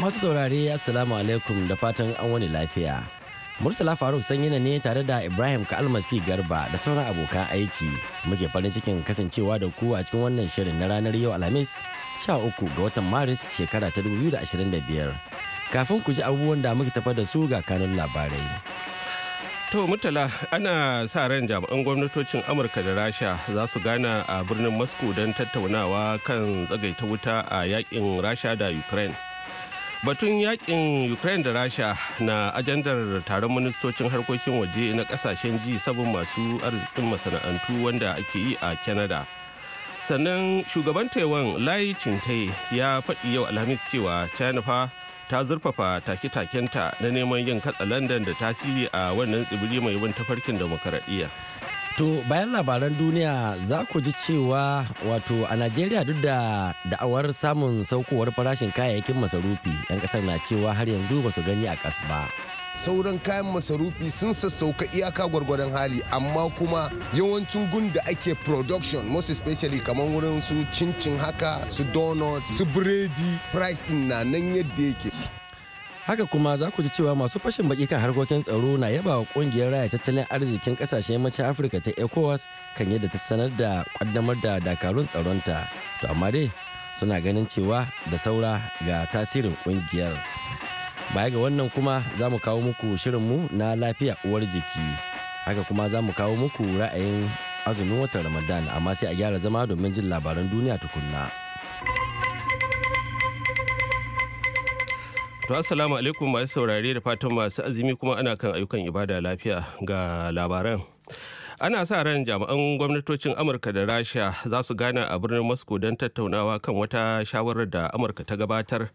Masu saurare Assalamu alaikum da fatan an wani lafiya. Murtala Faruk sanyina ne tare da Ibrahim Kalmasi Garba da sauran abokan aiki. Muke farin cikin kasancewa da ku a cikin wannan shirin na ranar yau Alhamis 13 ga watan Maris shekara ta 2025. Kafin ku ji abubuwan da muke tafa da su ga kanun labarai. To mutala, ana sa ran jami'an gwamnatocin Amurka da Rasha za su gana a birnin Moscow don tattaunawa kan tsagaita wuta a yakin Rasha da Ukraine. batun yakin ukraine da rasha na ajandar taron ministocin harkokin waje na kasashen ji sabon masu arzikin masana'antu wanda ake yi a canada sannan shugaban taiwan lai cintai ya faɗi yau alhamis cewa china fa ta zurfafa take-takenta na neman yin katsa london da tasiri a wannan tsibiri mai bin tafarkin demokaradiyya To bayan labaran duniya za ku ji cewa wato a Najeriya duk da da'awar samun saukowar farashin kayayyakin masarufi 'yan kasar na cewa har yanzu ba su gani a kas ba. Sauran kayan masarufi sun sassauka iyaka gwargwadon hali amma kuma yawancin gun da ake production most especially kamar wurin su cincin haka su donut su biredi price din na nan yadda yake. haka kuma za ku ji cewa masu fashin baki kan harkokin tsaro na yaba wa kungiyar raya tattalin arzikin kasashen yammacin afirka ta ecowas kan yadda ta sanar da kaddamar da dakarun tsaronta to amma dai suna ganin cewa da saura ga tasirin kungiyar baya ga wannan kuma za mu kawo muku shirin mu na lafiya uwar jiki haka kuma za mu kawo muku ra'ayin azumin watan ramadan amma sai a gyara zama domin jin labaran duniya tukunna. To assalamu alaikum masu saurare da fatan masu azumi kuma ana kan ayyukan ibada lafiya ga labaran. Ana sa ran jami'an gwamnatocin Amurka da Rasha za su gana a birnin Moscow don tattaunawa kan wata shawarar da Amurka ta gabatar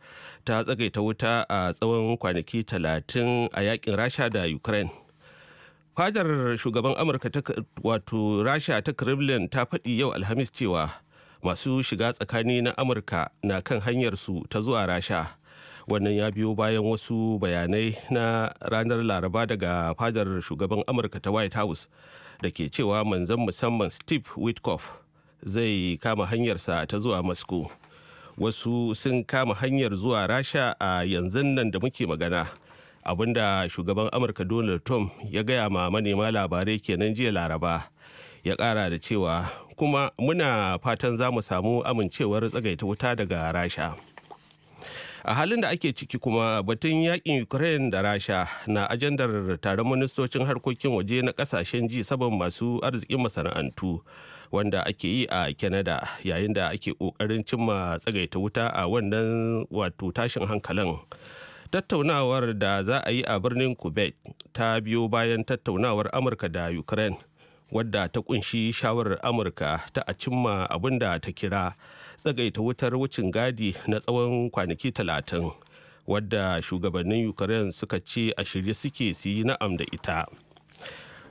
ta tsagaita wuta a tsawon kwanaki talatin a yakin Rasha da Ukraine. Fadar shugaban Amurka ta wato Rasha ta Kremlin ta faɗi yau Alhamis cewa masu shiga tsakani na Amurka na kan hanyarsu ta zuwa Rasha. wannan ya biyo bayan wasu bayanai na ranar laraba daga fadar shugaban amurka ta white house da ke cewa manzan musamman steve witkoff zai kama hanyarsa ta zuwa moscow wasu sun kama hanyar zuwa rasha a yanzu nan da muke magana abinda shugaban amurka donald trump ya gaya ma manema labarai kenan jiya laraba ya kara da cewa kuma muna fatan za mu samu amincewar tsagaita wuta daga rasha a halin da ake ciki kuma batun yakin ukraine da rasha na ajandar taron ministocin harkokin waje na kasashen ji saban masu arzikin masana'antu wanda ake yi a canada yayin da ake kokarin cimma tsagaita wuta a wannan wato tashin hankalin tattaunawar da za a yi a birnin quebec ta biyo bayan tattaunawar amurka da ukraine wadda ta kunshi shawarar amurka ta a cimma abin da ta kira tsagaita wutar wucin gadi na tsawon kwanaki talatin wadda shugabannin ukraine suka ce a shirye suke su yi na'am da ita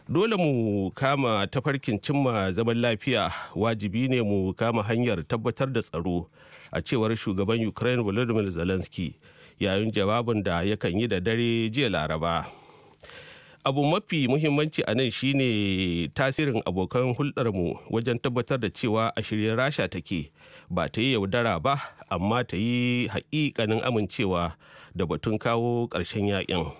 dole mu kama tafarkin cimma zaman lafiya wajibi ne mu kama hanyar tabbatar da tsaro a cewar shugaban ukraine volodymyr zelensky yayin jawabin da yakan yi da dare jiya laraba abu mafi muhimmanci a nan shine tasirin abokan hulɗarmu wajen tabbatar da cewa a shirye rasha take ba ta yi yaudara ba amma ta yi haƙiƙanin amincewa da batun kawo ƙarshen yaƙin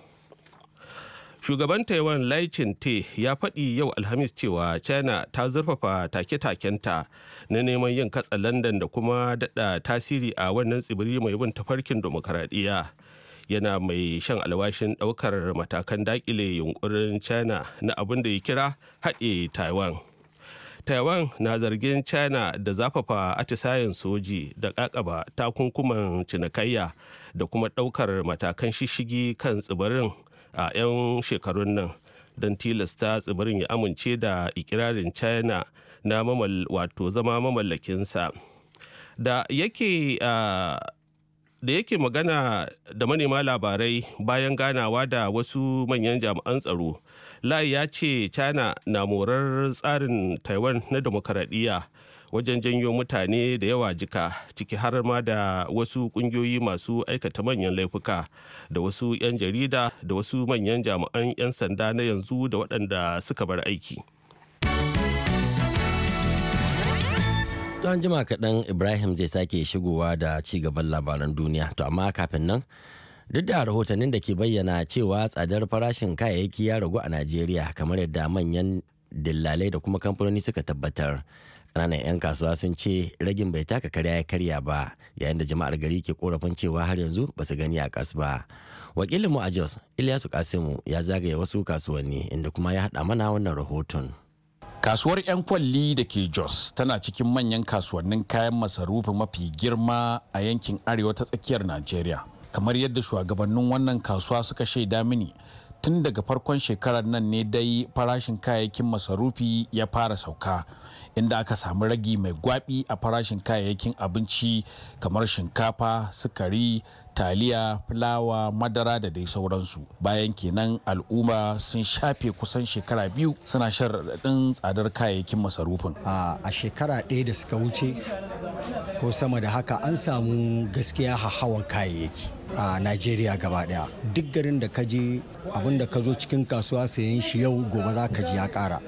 shugaban taiwan lai te ya faɗi yau alhamis cewa china ta zurfafa take-takenta na neman yin katsa london da kuma daɗa tasiri a wannan tsibiri mai bin tafarkin demokaradiyya yana mai shan alwashin ɗaukar matakan dakile yunkurin china na abin da ya kira haɗe taiwan taiwan na zargin china da zafafa atisayen soji da kakaba takunkuman cinikayya da kuma daukar matakan shishigi kan tsibirin a 'yan shekarun nan don tilasta tsibirin ya amince da ikirarin china na wato zama mamallakinsa da yake da yake magana da manema labarai bayan ganawa da wasu manyan jami'an tsaro lai ya ce china na morar tsarin taiwan na demokaradiyya wajen janyo mutane da yawa jika ciki har ma da wasu kungiyoyi masu aikata manyan laifuka da wasu 'yan jarida da wasu manyan jami'an 'yan sanda na yanzu da waɗanda suka bar aiki an jima kaɗan ibrahim zai sake shigowa da ci gaban labaran duniya to amma kafin nan duk da rahotannin da ke bayyana cewa tsadar farashin kayayyaki ya ragu a najeriya kamar yadda manyan dillalai da kuma kamfanoni suka tabbatar ƙananan 'yan kasuwa sun ce ragin bai taka karya ya karya ba yayin da jama'ar gari ke korafin cewa har yanzu ba su gani a kas ba wakilin mu a jos ilyasu kasimu ya zagaye wasu kasuwanni inda kuma ya haɗa mana wannan rahoton kasuwar 'yan kwalli da ke jos tana cikin manyan kasuwannin kayan masarufi mafi girma a yankin arewa ta tsakiyar najeriya kamar yadda shugabannin wannan kasuwa suka shaida mini tun daga farkon shekarar nan ne dai farashin kayayyakin masarufi ya fara sauka inda aka samu ragi mai gwabi a farashin kayayyakin abinci kamar shinkafa sukari taliya fulawa madara da dai sauransu bayan kenan al'umma sun shafe kusan shekara biyu suna shan raɗaɗin tsadar kayayyakin masarufin a shekara ɗaya da suka wuce ko sama da haka an samu gaskiya hahawan kayayyaki a najeriya gaba daya duk garin da ka je da ka zo cikin kasuwa sayan shi yau gobe za ka ji ya kara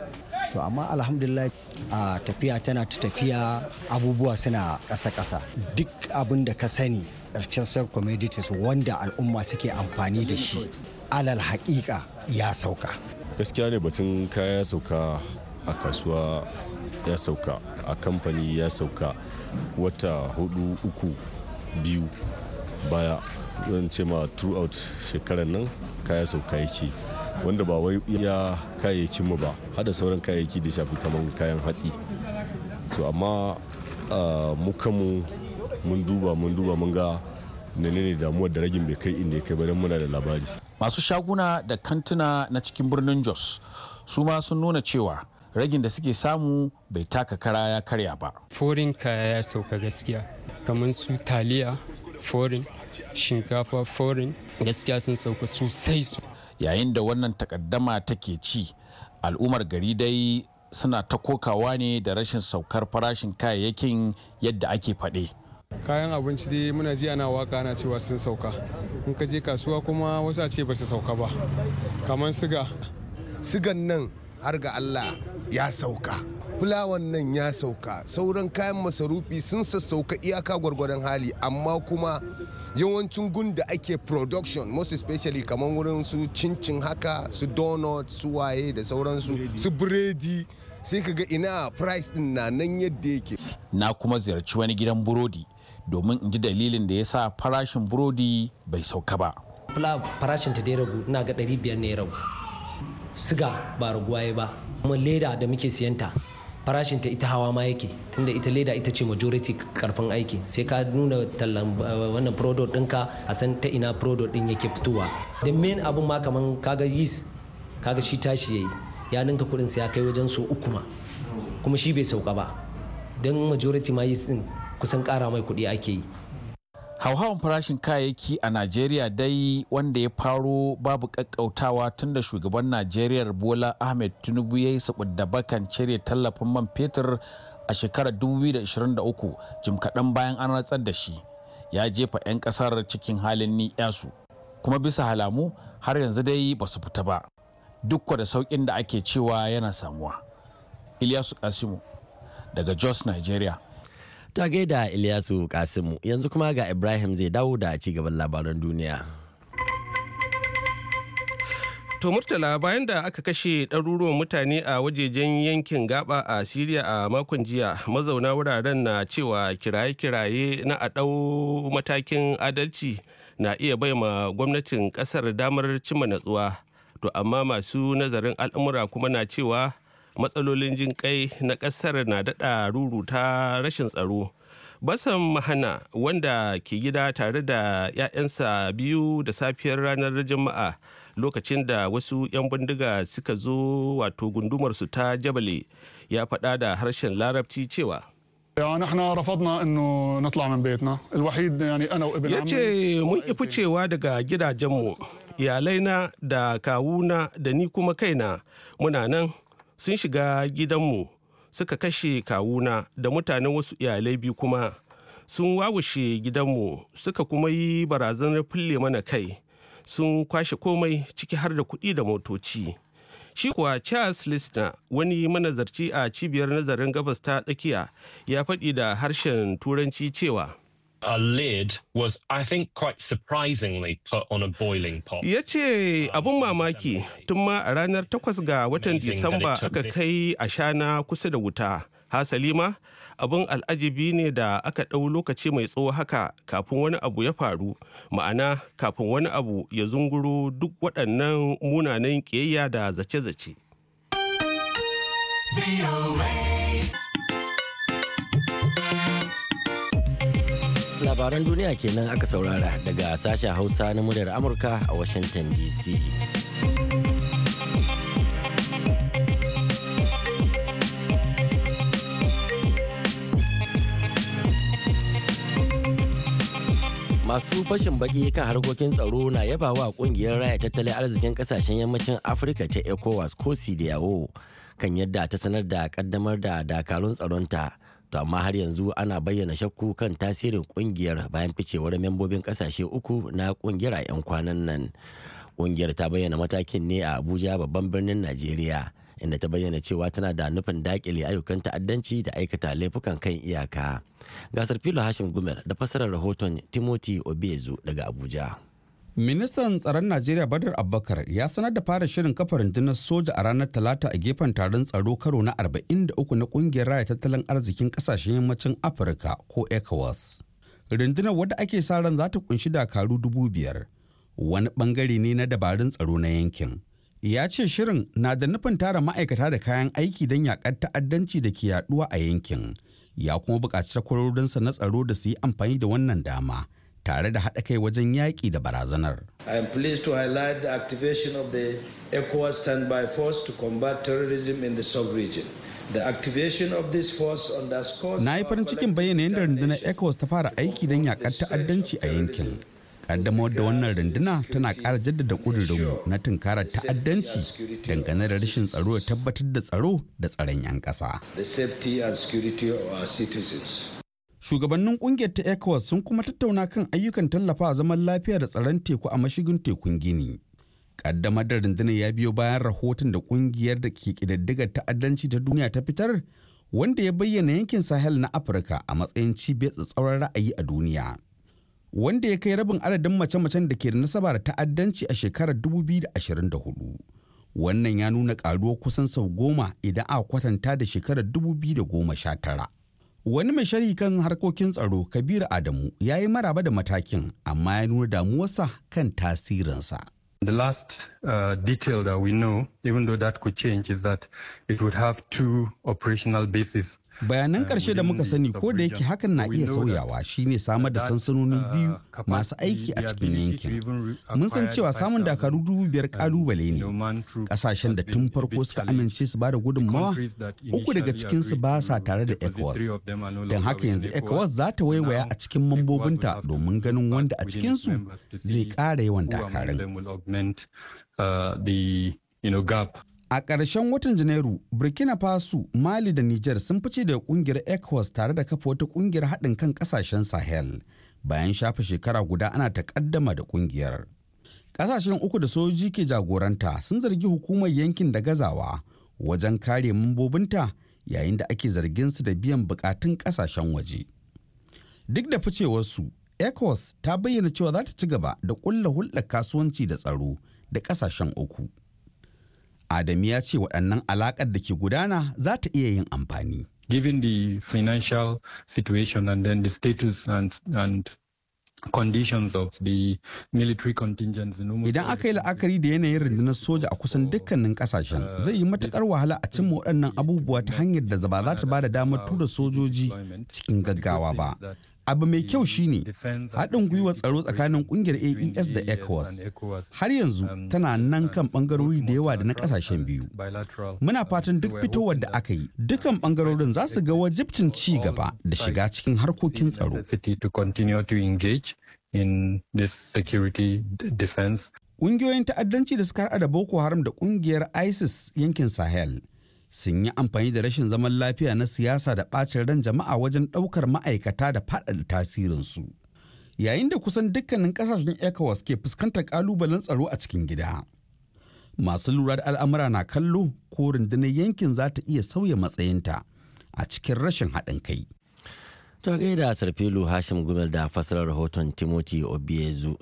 to amma alhamdulillah a tafiya tana ta tafiya abubuwa suna ƙasa-ƙasa duk abin da ka sani ƙarshen commodities wanda al'umma suke amfani da shi alal haƙiƙa ya sauka gaskiya ne batun kaya ya sauka a kasuwa ya sauka a kamfani ya sauka wata hudu uku biyu baya zan ce ma throughout shekarar nan kaya sauka yake wanda ba wai ya mu ba hada sauran kayayyaki da shafi kamar kayan hatsi to amma ah, mu mun duba mun duba mun ga ne damuwar da ragin bai kai inda ya kai ba muna da labari masu shaguna da kantuna na cikin birnin jos su ma sun nuna cewa ragin da suke samu bai taka kara ya karya ba forin kaya ya sauka gaskiya kamar su taliya forin shinkafa forin gaskiya sun sauka sosai su yayin da wannan takaddama take ci al'ummar gari dai suna ta kokawa ne da rashin saukar farashin kayayyakin yadda ake faɗe. kayan abinci dai muna ji ana waka ana cewa sun sauka in ka je kasuwa kuma wasu a ce ba su sauka ba kamar siga sigan nan har ga allah ya sauka fulawan nan ya sauka sauran kayan masarufi sun sassauka iyaka gwargwadon hali amma kuma yawancin gun da ake production most especially kamar wurin su cincin haka su donut su waye da sauransu su biredi sai ka ga ina price din na nan yadda yake na kuma ziyarci wani gidan burodi domin in ji dalilin da ya sa farashin burodi bai sauka ba. farashin ta da ya ragu ina ga ɗari biyar ne ya ragu siga ba raguwa ya ba kuma leda da muke siyanta farashin ta ita hawa ma yake tunda ita leda ita ce majority karfin aiki sai ka nuna tallan wannan product ka a san ta ina product ɗin yake fitowa da main abin ma kaman kaga yeast kaga shi tashi yayi ya ninka kuɗin sa ya kai wajen so uku ma kuma shi bai sauka ba don majority ma yeast ɗin kusan ƙara mai kuɗi ake yi hauhawan farashin kayayyaki a najeriya dai wanda ya faro babu ƙaƙƙautawa tun da shugaban najeriya bola ahmed tinubu ya yi da bakan cire tallafin man fetur a shekarar 2023 jim kaɗan bayan an ratsar da shi ya jefa 'yan ƙasar cikin halin ni'yasu kuma bisa halamu har yanzu dai ba su fita ba duk da sauƙin da ake cewa yana samuwa iliyasu kasimu daga jos nigeria Ta gaida Ilyasu Kasimu yanzu kuma ga Ibrahim zai dawo da ci gaban labaran duniya. To Murtala bayan da aka kashe ɗaruruwan mutane a wajejen yankin gaba a Siriya a makon jiya mazauna wuraren na cewa kiraye-kiraye na a ɗau matakin adalci na iya bai ma gwamnatin ƙasar damar cimma natsuwa. To amma masu nazarin al'amura kuma na cewa matsalolin jin kai na ƙasar na daɗa ta rashin tsaro basan mahana wanda ke gida tare da 'ya'yansa biyu da safiyar ranar juma'a lokacin da wasu 'yan bindiga suka zo wato gundumarsu ta jabale ya faɗa da harshen larabci cewa ya ce mun ifi ficewa daga gidajenmu iyalaina da kawuna da ni kuma kaina muna nan sun shiga gidanmu suka kashe kawuna da mutanen wasu iyalai biyu kuma sun wawushe gidanmu suka kuma yi barazanar fille mana kai sun kwashe komai ciki har da kuɗi da motoci shi kuwa charles lister wani manazarci a cibiyar nazarin gabas ta tsakiya ya faɗi da harshen turanci cewa a lid was, I think, quite surprisingly put on a boiling pot. Ya ce abin um, mamaki tun ma a ranar takwas ga watan Disamba aka kai a ashana kusa da wuta. Hasali ma abun al'ajibi ne da aka ɗau lokaci mai tsawo haka kafin wani abu ya faru ma'ana kafin wani abu ya zunguro duk waɗannan munanan ƙiyayya da zace-zace. labaran duniya kenan aka saurara daga sashen hausa na muryar amurka a washington dc masu fashin baki kan harkokin tsaro na yabawa kungiyar raya tattalin arzikin kasashen yammacin afirka ta ecowas ko cdao kan yadda ta sanar da kaddamar da dakarun tsaronta to amma har yanzu ana bayyana shakku kan tasirin kungiyar bayan ficewar membobin kasashe uku na kungiyar a 'yan kwanan nan kungiyar ta bayyana matakin ne a abuja babban birnin najeriya inda ta bayyana cewa tana da nufin dakile ayyukan ta'addanci da aikata laifukan kan iyaka gasar filo hashim gumel da fassarar rahoton timothy obezu daga abuja Ministan tsaron Najeriya Badar Abubakar ya sanar da fara shirin kafa rundunar soja a ranar Talata a gefen taron tsaro karo na 43 na kungiyar raya tattalin arzikin kasashen yammacin Afirka ko ECOWAS. Rundunar wadda ake sa ran za ta kunshi dakaru dubu biyar wani bangare ne na dabarun tsaro na yankin. Ya ce shirin na da nufin tara ma'aikata da kayan aiki don yakar ta'addanci da ke yaduwa a yankin. Ya kuma buƙaci takwarorinsa na tsaro da su yi amfani da wannan dama. tare da haɗa kai wajen yaƙi da barazanar. I am pleased to highlight the activation of the ECOWAS standby force to combat terrorism in the sub-region. The activation of this force underscores Na yi farin cikin bayyana yadda rundunar ECOWAS ta fara aiki don yaƙar ta'addanci a yankin. Kaddamar da wannan runduna tana ƙara jaddada ƙudurinmu na tunkara ta'addanci dangane da rashin tsaro da tabbatar da tsaro da tsaron 'yan ƙasa. The safety and security of our citizens. shugabannin kungiyar ta ecowas sun kuma tattauna kan ayyukan tallafa a zaman lafiya da tsaron teku a mashigin tekun gini kaddamar da rundunar ya biyo bayan rahoton da kungiyar da ke kididdigar ta'addanci ta duniya ta fitar wanda ya bayyana yankin sahel na afirka a matsayin cibiyar tsatsauran ra'ayi a duniya wanda ya kai rabin adadin mace-macen da ke da nasaba da ta'addanci a shekarar 2024 wannan ya nuna karuwar kusan sau goma idan a kwatanta da shekarar sha tara. wani mai sharhi kan harkokin tsaro Kabir adamu ya yi maraba da matakin amma ya nuna damuwarsa kan tasirinsa The last uh, detail that we know, even though that could change, is that it would have two operational bases. bayanan ƙarshe da muka sani ko da yake hakan na iya sauyawa shine samar da sansanoni uh, biyu masu aiki a cikin yankin mun san cewa samun dakaru dubu biyar kalubale ne ƙasashen da tun farko suka amince su ba da gudunmawa uku daga cikin su ba sa tare da ecowas don haka yanzu ecowas za ta waiwaya a cikin mambobinta domin ganin wanda a cikinsu zai ƙara yawan dakarun. A ƙarshen watan Janairu, Burkina Faso, Mali da Nijar sun fice da ƙungiyar ECOWAS tare da kafa wata ƙungiyar haɗin kan ƙasashen Sahel bayan shafe shekara guda ana taƙaddama da ƙungiyar. Ƙasashen uku da sojoji ke jagoranta sun zargi hukumar yankin da gazawa wajen kare mambobinta yayin da ake zargin su da biyan buƙatun ƙasashen waje. Duk da ficewarsu, ECOWAS ta bayyana cewa za ta ci gaba da ƙulla hulɗar kasuwanci da tsaro da ƙasashen uku. Adam ya ce waɗannan alaƙar da ke gudana za ta iya yin amfani. Given the financial situation and then the status and, and conditions of the military contingents idan aka yi la'akari da yanayin rundunar soja a kusan dukkanin kasashen uh, zai yi matukar wahala a cimma waɗannan abubuwa ta hanyar da ba za ta ba da damar tura sojoji cikin gaggawa ba abu mai kyau shine haɗin gwiwa tsaro tsakanin ƙungiyar aes da e ecowas har yanzu um, tana nan uh, kan ɓangarori da yawa da na ƙasashen biyu muna um, fatan duk fitowar da aka yi dukkan ɓangarorin za su ga wajibcin ci gaba da shiga cikin harkokin tsaro ƙungiyoyin ta'addanci da suka haɗa da boko haram da ƙungiyar isis yankin sahel sun yi amfani da rashin zaman lafiya na siyasa da ɓacin ran jama'a wajen ɗaukar ma'aikata da faɗaɗa tasirinsu yayin da kusan dukkanin ƙasashen ecowas ke fuskantar ƙalubalen tsaro a cikin gida masu lura da al'amura na kallo ko rundunar yankin za ta iya sauya matsayinta a cikin rashin haɗin kai ta gaida sarfilu hashim gumel da fasarar rahoton timothy obiezu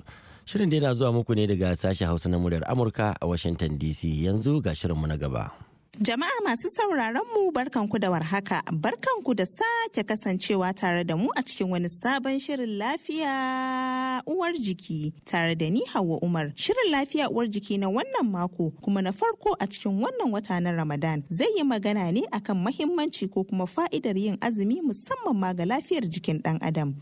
shirin da yana zuwa muku ne daga sashen hausa na muryar amurka a washinton dc yanzu ga shirinmu na gaba Jama'a masu sauraron mu barkanku da warhaka, barkanku da sake kasancewa tare da mu a cikin wani sabon shirin lafiya uwar jiki tare da ni Hauwa Umar. Shirin lafiya uwar jiki na wannan mako kuma na farko a cikin wannan wata na Ramadan zai yi magana ne akan mahimmanci ko kuma fa'idar yin azumi musamman ma ga lafiyar jikin ɗan adam.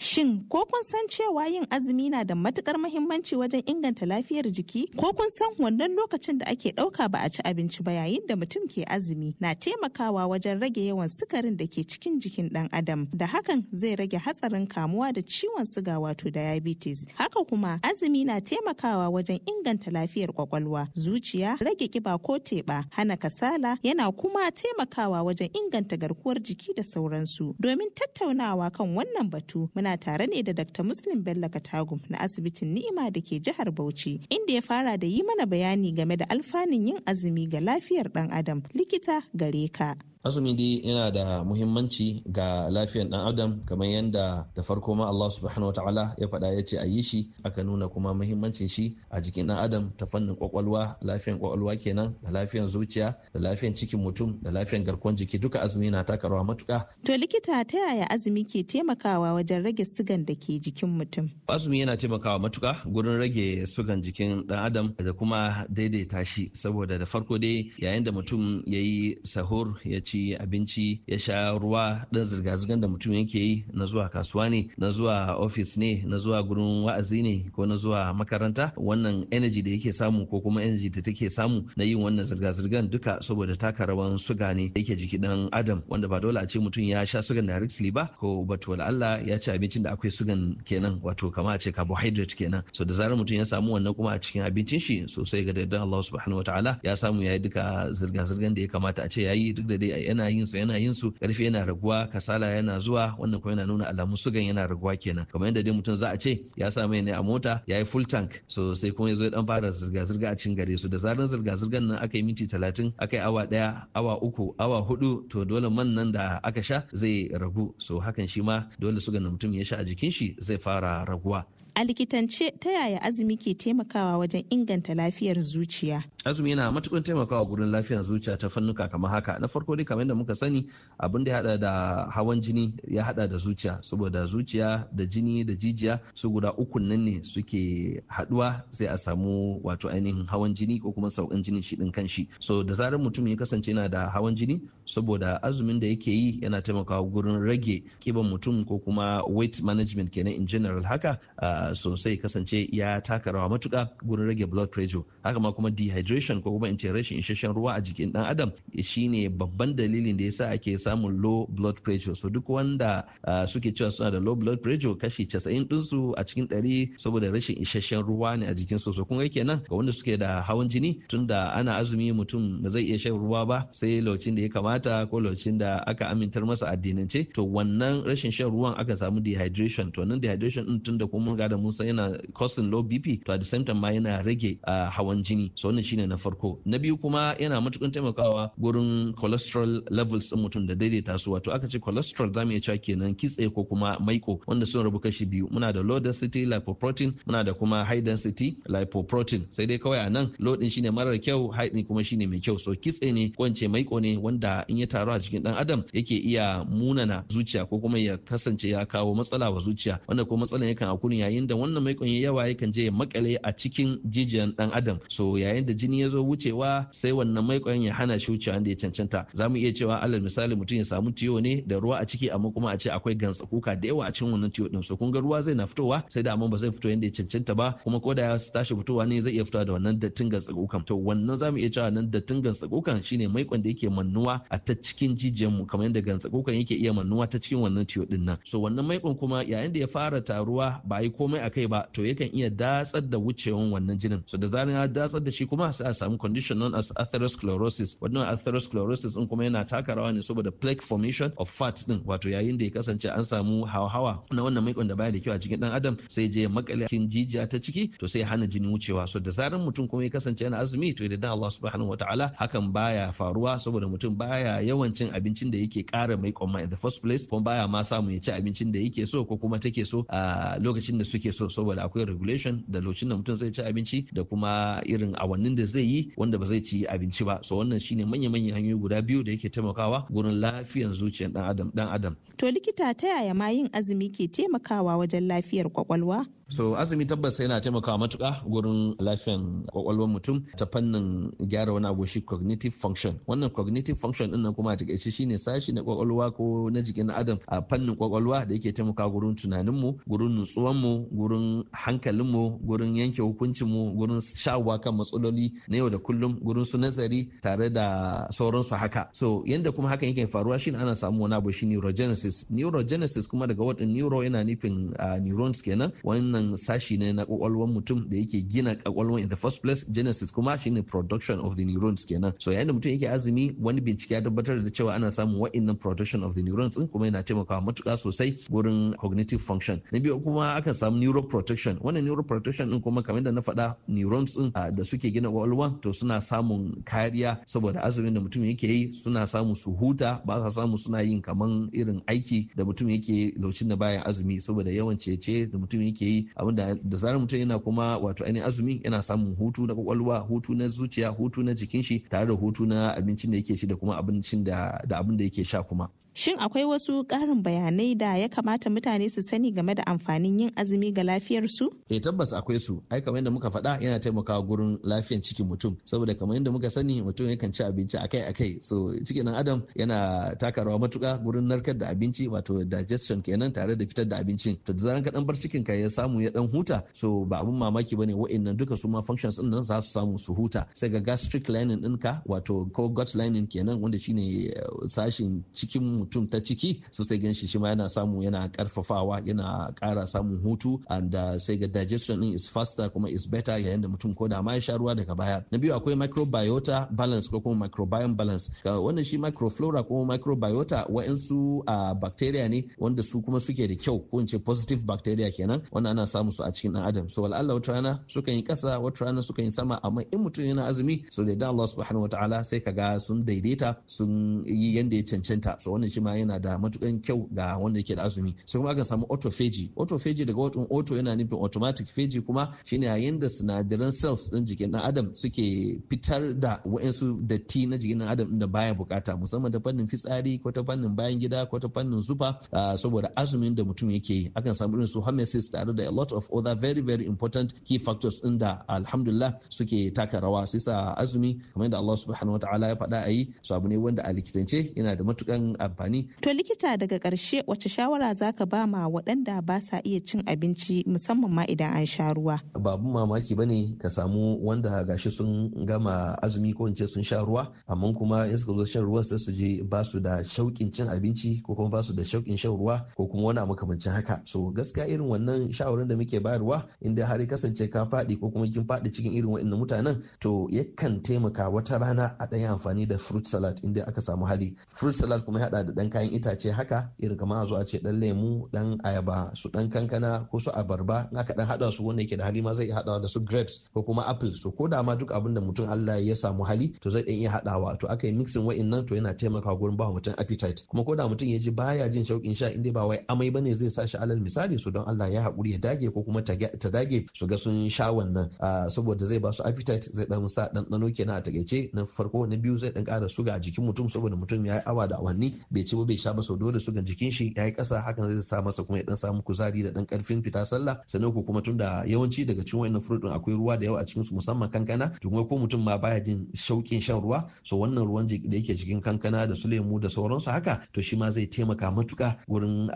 性。Ko kun san cewa yin azumi na da matukar muhimmanci wajen inganta lafiyar jiki? Ko kun san wannan lokacin da ake ɗauka ba a ci abinci ba yayin da mutum ke azumi na taimakawa wajen rage yawan sukarin da ke cikin jikin ɗan adam da hakan zai rage hatsarin kamuwa da ciwon suga wato diabetes. Haka kuma azumi na taimakawa wajen inganta lafiyar kwakwalwa, zuciya, rage kiba ko teɓa, hana kasala yana kuma taimakawa wajen inganta garkuwar jiki da sauransu. Domin tattaunawa kan wannan batu muna tare ne buɗe da Dr. Muslim Bello Katagum na asibitin Ni'ima da ke jihar Bauchi inda ya fara da yi mana bayani game da alfanun yin azumi ga lafiyar ɗan adam likita gare ka. azumi dai yana da muhimmanci ga lafiyar dan adam kamar yadda da farko ma Allah subhanahu ta'ala ya faɗa ya ce a yi shi aka nuna kuma muhimmancin shi a jikin dan adam ta fannin kwakwalwa lafiyar kwakwalwa kenan da lafiyar zuciya da lafiyar cikin mutum da lafiyar garkuwar jiki duka azumi na taka rawa matuka to likita ta yaya azumi ke taimakawa wajen rage sugan da ke jikin mutum azumi yana taimakawa matuka gurin rage sugan jikin dan adam da kuma daidaita shi saboda da farko dai yayin da mutum yayi sahur ya ci abinci ya sha ruwa dan zirga-zirgar da mutum yake yi na zuwa kasuwa ne na zuwa ofis ne na zuwa gurin wa'azi ne ko na zuwa makaranta wannan energy da yake samu ko kuma energy da take samu na yin wannan zirga-zirgar duka saboda taka rawan suga ne yake jiki dan adam wanda ba dole a ce mutum ya sha sugan rixley ba ko bato Allah ya ci abincin da akwai sugan kenan wato kama a ce carbohydrate kenan so da zarar mutum ya samu wannan kuma a cikin abincin shi sosai ga da Allah subhanahu wataala ya samu yayi duka zirga-zirgar da ya kamata a ce yayi duk da dai yana yin su yana yin su karfi yana raguwa kasala yana zuwa wannan kuma yana nuna alamun sugan yana raguwa kenan kamar yadda dai mutum za a ce ya sa mai ne a mota ya yi full tank so sai kuma ya zo ya dan fara zirga zirga a cikin gare su da zaran zirga zirgan nan aka yi minti talatin aka yi awa ɗaya, awa uku awa hudu to dole man nan da aka sha zai ragu so hakan shi ma dole sugan mutum ya sha a jikin shi zai fara raguwa A likitance ta yaya azumi ke taimakawa wajen inganta lafiyar zuciya? Azumi yana matuƙar taimakawa gurin lafiyar zuciya ta fannuka kamar haka. Na farko dai kamar yadda muka sani abin da ya hada da hawan jini ya hada da zuciya saboda zuciya da jini da jijiya su guda uku nan ne suke haduwa sai a samu wato ainihin hawan jini ko kuma saukan jini shi din kanshi. So da zarar mutum ya kasance yana da hawan jini saboda azumin da yake yi yana taimakawa gurin rage kiban mutum ko kuma weight management kenan in general haka. Uh, sosai kasance ya taka rawa matuka gurin rage blood pressure haka ma kuma dehydration ko kuma in ce rashin isasshen ruwa a jikin dan adam shine babban dalilin da yasa ake samun low blood pressure so duk wanda suke cewa suna da low blood pressure kashi 90 dinsu a cikin ɗari saboda rashin isasshen ruwa ne a jikin su so kun ga kenan ga wanda suke da hawan jini tunda ana azumi mutum ba zai iya shan ruwa ba sai lokacin da ya kamata ko lokacin da aka amintar masa addinance to wannan rashin shan ruwan aka samu dehydration to wannan dehydration din tunda kuma da Musa yana causing low bp to at the same time ma yana rage a hawan jini so wannan shine na farko na biyu kuma yana matukan taimakawa gurin cholesterol levels din mutum da daidaita su wato aka ce cholesterol zamu iya cewa kenan kitse ko kuma maiko wanda sun rabu shi biyu muna da low density lipoprotein muna da kuma high density lipoprotein sai dai kawai a nan low din shine marar kyau high din kuma shine mai kyau so kitse ne ko maiko ne wanda in ya taru a cikin dan adam yake iya munana zuciya ko kuma ya kasance ya kawo matsala wa zuciya wanda ko matsalan yakan akuni yayin yayin da wannan maikon ya yawa yakan je ya makale a cikin jijiyan dan adam so yayin da jini ya zo wucewa sai wannan maikon ya hana shi wucewa da ya cancanta zamu iya cewa alal misali mutum ya samu tiyo ne da ruwa a ciki amma kuma a ce akwai gantsa kuka da yawa a cikin wannan tiyo din so kun ga ruwa zai na fitowa sai da amma ba zai fito yadda ya cancanta ba kuma ko da ya tashi fitowa ne zai iya fitowa da wannan dattin gantsa kukan to wannan za mu iya cewa nan dattin gantsa kukan shine maikon da yake mannuwa a ta cikin jijiyan mu kamar yadda gantsa kukan yake iya mannuwa ta cikin wannan tiyo din nan so wannan maikon kuma yayin da ya fara taruwa ba yi komai komai akai ba to yakan iya datsar da wucewan wannan jinin so da zaran ya datsar da shi kuma sai a samu condition known as atherosclerosis wannan atherosclerosis din kuma yana taka rawa ne saboda plaque formation of fat din wato yayin da ya kasance an samu hawa na wannan maikon da baya da kyau a cikin dan adam sai je makale cikin jijiya ta ciki to sai hana jini wucewa so da zaran mutum kuma ya kasance yana azumi to da Allah subhanahu wataala hakan baya faruwa saboda mutum baya yawancin abincin da yake kara maikon ma in the first place kuma baya ma samu ya ci abincin da yake so ko kuma take so a lokacin da suke suke so saboda akwai regulation da lokacin da mutum zai ci abinci da kuma irin awannin da zai yi wanda ba zai ci abinci ba so wannan shine manya-manyan hanyoyi guda biyu da yake taimakawa gurin lafiyar zuciyar dan adam dan adam to likita ta yaya ma yin azumi ke taimakawa wajen lafiyar kwakwalwa so azumi tabbas yana taimakawa matuka gurin lafiyan kwakwalwar mutum ta fannin gyara wani abu shi cognitive function wannan cognitive function din nan kuma a takaice shine sashi na kwakwalwa ko na jikin adam a fannin kwakwalwa da yake taimaka gurin tunanin mu gurin nutsuwan mu gurin hankalin mu gurin yanke hukuncin mu gurin shawwa kan matsaloli na yau da kullum gurin su nazari tare da sauransu haka so yanda kuma hakan yake faruwa shine ana samu wani abu shi neurogenesis neurogenesis kuma daga wadin neuro yana nufin ah, neurons kenan wannan wannan sashi ne na kwakwalwar mutum da yake gina kwakwalwar in the first place genesis kuma shine production of the neurons kenan so yayin da mutum yake azumi wani bincike ya tabbatar da cewa ana samun wa'annan production of the neurons din kuma yana taimakawa matuka sosai wurin cognitive function na biyu kuma akan samu neuroprotection wannan neuroprotection din kuma kamar da na faɗa neurons din ah, da suke gina kwakwalwa to suna samun kariya saboda azumin da mutum yake yi suna samu su huta ba sa samu suna yin kaman irin aiki da mutum yake lokacin da baya azumi saboda yawan cece da mutum yake yi abin da zarar mutum yana kuma wato ainihin azumi yana samun hutu na kwakwalwa hutu na zuciya hutu na jikin shi tare da hutu na abincin da yake shi da kuma abincin da abin da yake sha kuma Shin akwai wasu ƙarin bayanai da ya kamata mutane su sani game da amfanin yin azumi ga lafiyarsu? E tabbas akwai su, ai kamar yadda muka faɗa yana taimakawa gurin lafiyar cikin mutum. Saboda kamar yadda muka sani mutum yakan ci abinci akai akai. So cikin ɗan adam yana taka rawa matuƙa gurin narkar da abinci wato digestion kenan tare da fitar da abincin. To da zaran ka ɗan bar cikin ka ya samu ya ɗan huta. So ba abun mamaki bane wa'annan duka su ma functions ɗin nan za su samu su huta. Sai ga gastric lining ɗinka wato ko gut lining kenan wanda shine eh, sashin cikin mutum ta ciki so sai ganshi shi ma yana samu yana karfafawa yana kara samun hutu and uh, sai ga digestion din is faster kuma is better yayin da mutum ko da ma ya sha ruwa daga baya na biyu akwai microbiota balance ko kuma microbiome balance wannan shi microflora ko microbiota wa'insu uh, bacteria ne wanda su kuma suke da kyau ko in ce positive bacteria kenan wanda ana samu su a cikin dan adam so wallahi wata rana suka yi kasa wata rana suka yi sama amma in mutum yana azumi so da Allah subhanahu wataala sai kaga sun daidaita sun yi yanda ya cancanta so wannan shi ma yana da matukan kyau ga wanda yake da azumi sai kuma aka samu autophagy autophagy daga wato auto yana nufin automatic phagy kuma shine yayin da sinadaran cells din jikin dan adam suke fitar da wa'ansu datti na jikin dan adam da baya bukata musamman da fannin fitsari ko ta fannin bayan gida ko ta fannin zufa saboda azumin da mutum yake yi akan samu irin su homeostasis tare da a lot of other very very important key factors din da alhamdulillah suke taka rawa sai sa azumi kamar yadda Allah subhanahu wataala ya faɗa a yi su abu ne wanda a likitance yana da matukan amfani. To likita daga karshe wace shawara za ka ba ma waɗanda ba sa iya cin abinci musamman ma idan an sha ruwa? Babu mamaki ba ne ka samu wanda gashi sun gama azumi ko in sun sha ruwa amma kuma in suka zo shan ruwan sai su je ba su da shauƙin cin abinci ko kuma ba su da shauƙin shan ruwa ko kuma wani makamancin haka. So gaskiya irin wannan shawarar da muke bayarwa inda har kasance ka faɗi ko kuma kin faɗi cikin irin waɗannan mutanen to yakan taimaka wata rana a ɗaya amfani da fruit salad inda aka samu hali. Fruit salad kuma ya haɗa da dan kayan itace haka irin kamar a zo a ce dan lemu dan ayaba su dan kankana ko su abarba in aka dan hada su wanda yake da hali ma zai iya hadawa da su grapes ko kuma apple so ko da ma duk abin da mutum Allah ya samu hali to zai dan iya haɗawa. to aka yi mixing wa'annan to yana taimakawa gurin ba mutum appetite kuma ko da mutum ya ji baya jin shauƙin sha inda ba wai amai bane zai sa shi alal misali su don Allah ya haƙuri ya dage ko kuma ta dage su ga sun sha wannan ah, saboda zai ba su appetite zai dan sa ɗanɗano kenan a takaice na farko na biyu zai dan ƙara suga a jikin mutum saboda mutum ya yi awa da awanni bai ci ba bai sha ba sau dole sugan jikin shi ya yi ƙasa hakan zai sa masa kuma ya dan samu kuzari da dan karfin fita sallah sannan ku kuma tunda yawanci daga cikin wayannan fruit din akwai ruwa da yawa a cikin su musamman kankana to ko mutum ma baya jin shauƙin shan ruwa so wannan ruwan da yake cikin kankana da su lemu da sauransu haka to shi ma zai taimaka matuƙa wurin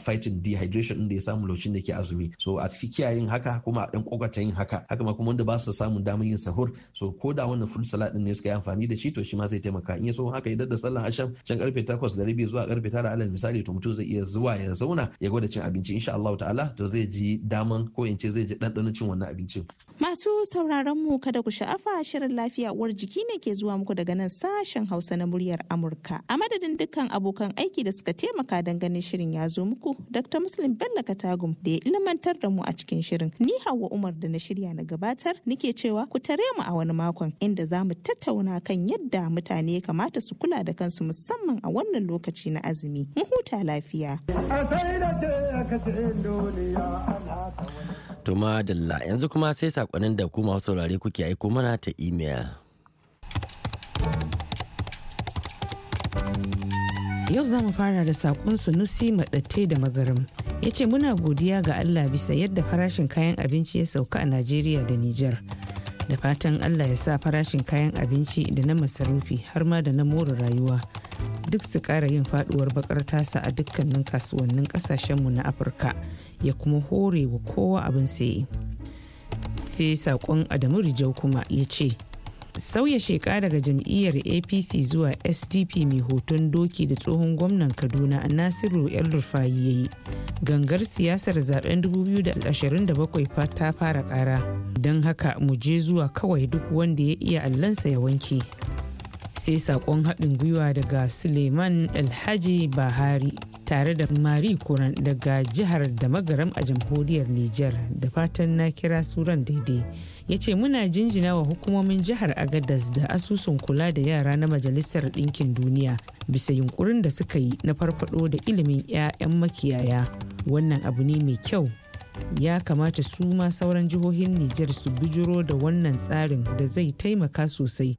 fighting dehydration din da ya samu lokacin da ke azumi so a cikin kiyayen haka kuma a dan kokarta yin haka haka ma kuma wanda ba su samun damar yin sahur so ko da wannan fruit salad din ne suka yi amfani da shi to shi ma zai taimaka in ya so haka idan da sallan asham can karfe 8 da rabi zuwa karfe tara alal misali to mutum zai iya zuwa ya zauna ya gwada cin abinci insha Allah ta'ala to zai ji daman ko in ce zai ji ɗanɗano cin wannan abincin. Masu sauraron mu kada ku sha'afa shirin lafiya uwar jiki ne ke zuwa muku daga nan sashen Hausa na muryar Amurka. A madadin dukkan abokan aiki da suka taimaka don ganin shirin ya zo muku Dr. Muslim Bello Katagum da ya ilmantar da mu a cikin shirin. Ni Hauwa Umar da na shirya na gabatar nike cewa ku tare mu a wani makon inda za mu tattauna kan yadda mutane kamata su kula da kansu musamman a wannan lokacin. lokaci na azumi mun huta lafiya to madalla yanzu kuma sai sakonin da ku masu saurare kuke aiko mana ta email Yau za mu fara da saƙon Sunusi Maɗatte da Magaram. Ya ce muna godiya ga Allah bisa yadda farashin kayan abinci ya sauka a Najeriya da Nijar. Da fatan Allah ya sa farashin kayan abinci da na masarufi har ma da na more rayuwa duk su ƙara yin faduwar bakar tasa a dukkanin kasuwannin kasashenmu na afirka ya kuma hore wa kowa abin saye sai sakon adamu rijau kuma ya ce sauya sheka daga jam'iyyar apc zuwa sdp mai hoton doki da tsohon gwamnan kaduna a nasiru yan rufayi ya yi gangar siyasar zaben 2027 ta fara kara don haka mu je zuwa kawai duk wanda ya iya allansa ya wanke sai sakon haɗin gwiwa daga suleiman alhaji bahari tare da mari kuran daga jihar da magaram a jamhuriyar niger da fatan na kira suran daidai ya ce muna jinjina wa hukumomin jihar agadas da asusun kula da yara na majalisar ɗinkin duniya bisa yunkurin da suka yi na farfado da ilimin 'ya'yan makiyaya wannan abu ne mai kyau ya kamata su ma sauran jihohin niger su bijiro da wannan tsarin da zai taimaka sosai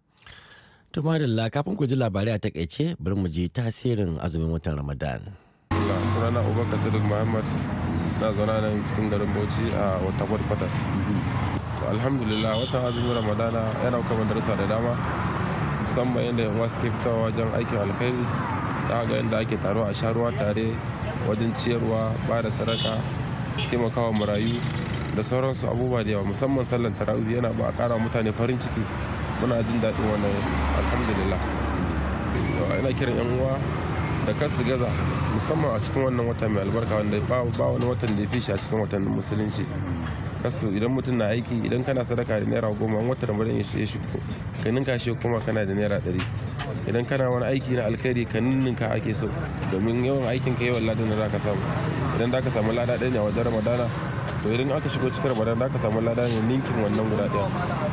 Tuma da kafin ku ji labarai a takaice bari mu ji tasirin azumin watan Ramadan. Sunana Uba Kasir Muhammad na zauna nan cikin garin Bauchi a wata Fatas. To alhamdulillah watan azumin Ramadana yana kuma darasa da dama musamman yadda yan suke fitowa wajen aikin alkhairi da ga yadda ake taruwa a sharuwa tare wajen ciyarwa ba da sadaka taimakawa marayu da sauransu abubuwa da yawa musamman sallan tarawih yana ba a kara mutane farin ciki muna jin daɗin wannan alhamdulillah ina kiran yan uwa da kasu gaza musamman a cikin wannan wata mai albarka wanda ba wani watan da ya fi shi a cikin watan musulunci kasu idan mutum na aiki idan kana sadaka da naira goma an wata ramadan ya shigo ka ninka shi kuma kana da naira ɗari idan kana wani aiki na alkhairi ka ninka ake so domin yawan aikin ka yawan ladan da za ka samu idan za ka samu lada ɗaya ne a wajen ramadana to idan aka shigo cikin ramadan za ka samu lada ne ninkin wannan guda ɗaya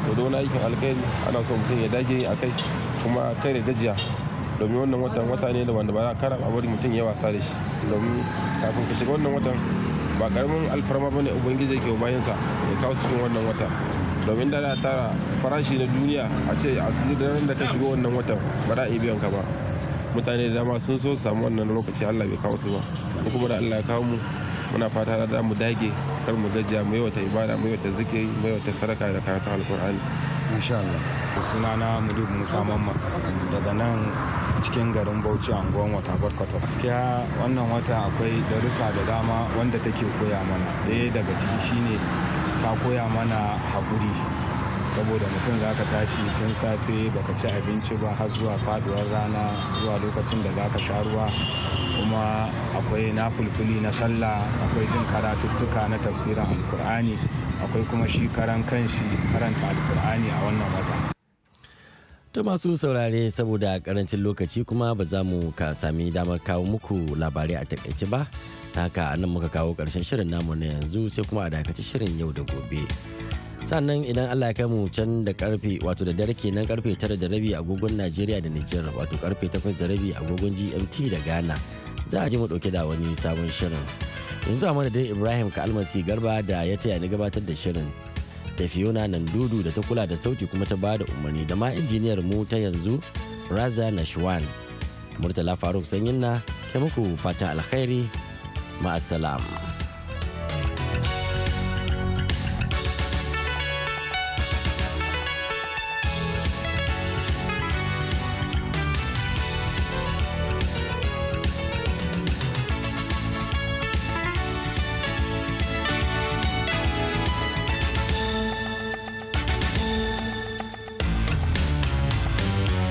so da wani aikin alkhairi ana so mutum ya dage a kai kuma kai da gajiya domin wannan watan wata ne da wanda ba za a bari mutum ya wasa da shi domin kafin ka shiga wannan watan ba karamin alfarma bane ubangiji ke bayansa ya kawo cikin wannan wata domin da tara farashi na duniya a ce a ranar da ka shiga wannan watan ba za a iya biyan ka ba mutane da dama sun so su samu wannan lokaci allah bai kawo su ba ko kuma da allah ya kawo mu muna fata da mu dage kar mu gajiya mu wata ibada mu wata zikiri mu wata saraka da karatun alkur'ani insha allah alaikum suna na mudubu Musa mamma daga nan cikin garin Bauchi a unguwar wata Kwarkwata. Gaskiya wannan wata akwai darussa da dama wanda take koya mana. daya daga ciki shine ta koya mana haƙuri saboda mutum za ka tashi tun safe baka ci abinci ba har zuwa faduwar rana zuwa lokacin da za ka sha ruwa kuma akwai na fulfuli na sallah akwai jin karatuttuka na tafsirin alkur'ani akwai kuma shi karan kanshi karanta alkur'ani a wannan wata ta masu saurare saboda karancin lokaci kuma ba za mu ka sami damar kawo muku labarai a takaice ba ta haka nan muka kawo karshen shirin namu na yanzu sai kuma a dakaci shirin yau da gobe sannan idan allah ya kai mu can da karfe wato da dare kenan karfe tara da rabi agogon najeriya da nijar wato karfe takwas da rabi agogon gmt da ghana za a ji mu dauke da wani sabon shirin yanzu a madadin ibrahim ka almasi garba da ya taya ni gabatar da shirin da fiona dudu da ta kula da sauti kuma ta bada umarni da ma injiniyar mu ta yanzu raza nashwan murtala faruk sanyin na ke muku fata alkhairi ma'asalam.